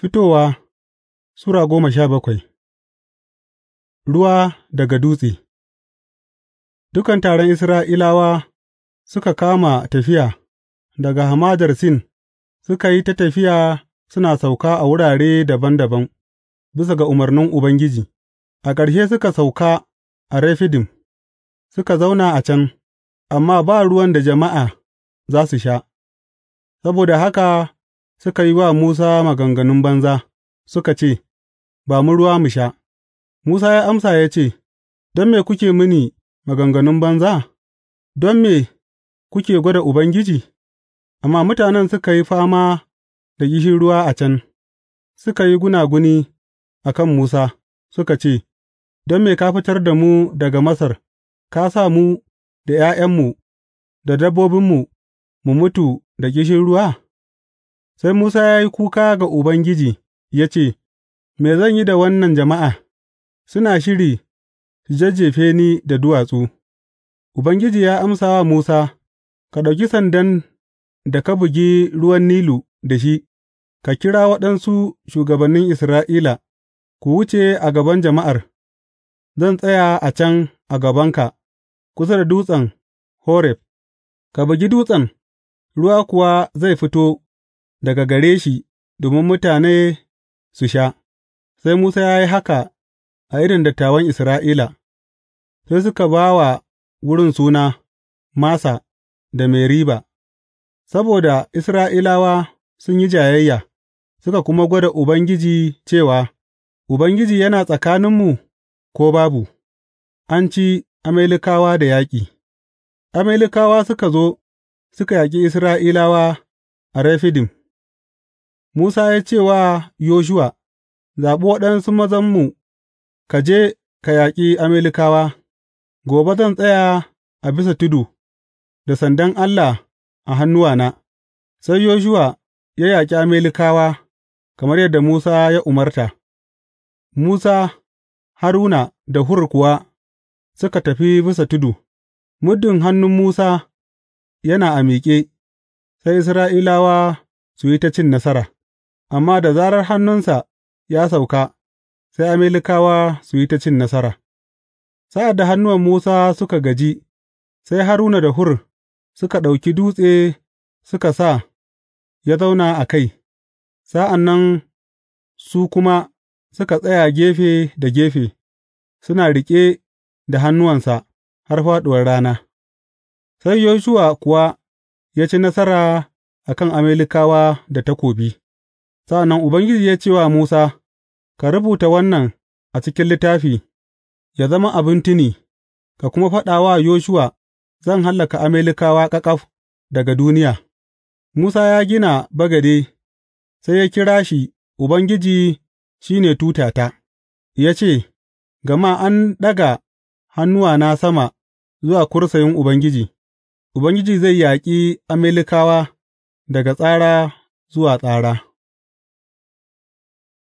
Fitowa Sura goma sha bakwai Ruwa daga dutse Dukan taron Isra'ilawa suka kama tafiya daga Hamadar Sin suka yi ta tafiya suna sauka a wurare daban-daban, bisa ga umarnin Ubangiji, a ƙarshe suka sauka a Refidim, suka zauna a can, amma ba ruwan da jama'a za su sha, saboda haka Suka yi wa Musa maganganun banza, suka ce, Ba mu ruwa mu sha. Musa ya amsa ya ce, Don me kuke mini maganganun banza, don me kuke gwada Ubangiji? Amma mutanen suka yi fama da ruwa a can, suka yi gunaguni a kan Musa, suka ce, Don me ka fitar da mu daga Masar, ka sa mu da ’ya'yanmu da dabbobinmu mu mutu da ruwa? Sai Musa ya yi kuka ga Ubangiji ya ce, Me zan yi da wannan jama'a, suna shiri su jajjefe ni da duwatsu, Ubangiji ya amsa wa Musa, Ka ɗauki sandan da ka bugi ruwan Nilu da shi, ka kira waɗansu shugabannin Isra'ila, ku wuce a gaban jama'ar, zan tsaya a can a gabanka, kusa da dutsen Horeb, ka bugi dutsen, ruwa kuwa zai fito daga gare shi domin mutane su sha, sai Musa ya yi haka a irin dattawan Isra'ila, sai suka ba wa wurin suna Masa da Meriba, saboda Isra'ilawa sun yi jayayya, suka kuma gwada Ubangiji cewa, Ubangiji yana tsakaninmu ko babu, an ci Amalekawa da yaƙi. Amalekawa suka zo suka yaƙi Isra'ilawa a Refidim. Musa ya ce wa Yoshuwa, Zaɓi waɗansu mazanmu ka je ka yaƙi Amalekawa, gobe zan tsaya a bisa tudu da sandan Allah a hannuwana, sai Yoshuwa ya yaƙi Amalekawa kamar yadda Musa ya umarta, Musa, Haruna da Hur kuwa suka tafi bisa tudu, muddin hannun Musa yana a miƙe, sai Isra'ilawa su yi ta cin nasara. amma da zarar hannunsa ya sauka, sai Amalekawa su yi ta cin nasara. Sa'ad da hannuwan Musa suka gaji, sai Haruna da Hur suka ɗauki dutse suka sa ya zauna a kai, sa'an nan su kuma suka tsaya gefe da gefe, suna riƙe da hannuwansa har faɗuwar rana. Sai Yoshuwa kuwa ya ci nasara a kan Amalekawa da takobi. Sa'an nan Ubangiji ya ce wa Musa, Ka rubuta wannan a cikin littafi, ya zama abin tuni, ka kuma faɗa wa Yoshuwa, Zan hallaka Amalekawa ƙaƙaf daga duniya. Musa ya gina bagade, sai ya kira shi Ubangiji shi ne tutata, ya ce, Gama an ɗaga hannuwana sama zuwa kursayin Ubangiji, Ubangiji zai yaƙi Amalekawa daga tsara zuwa tsara.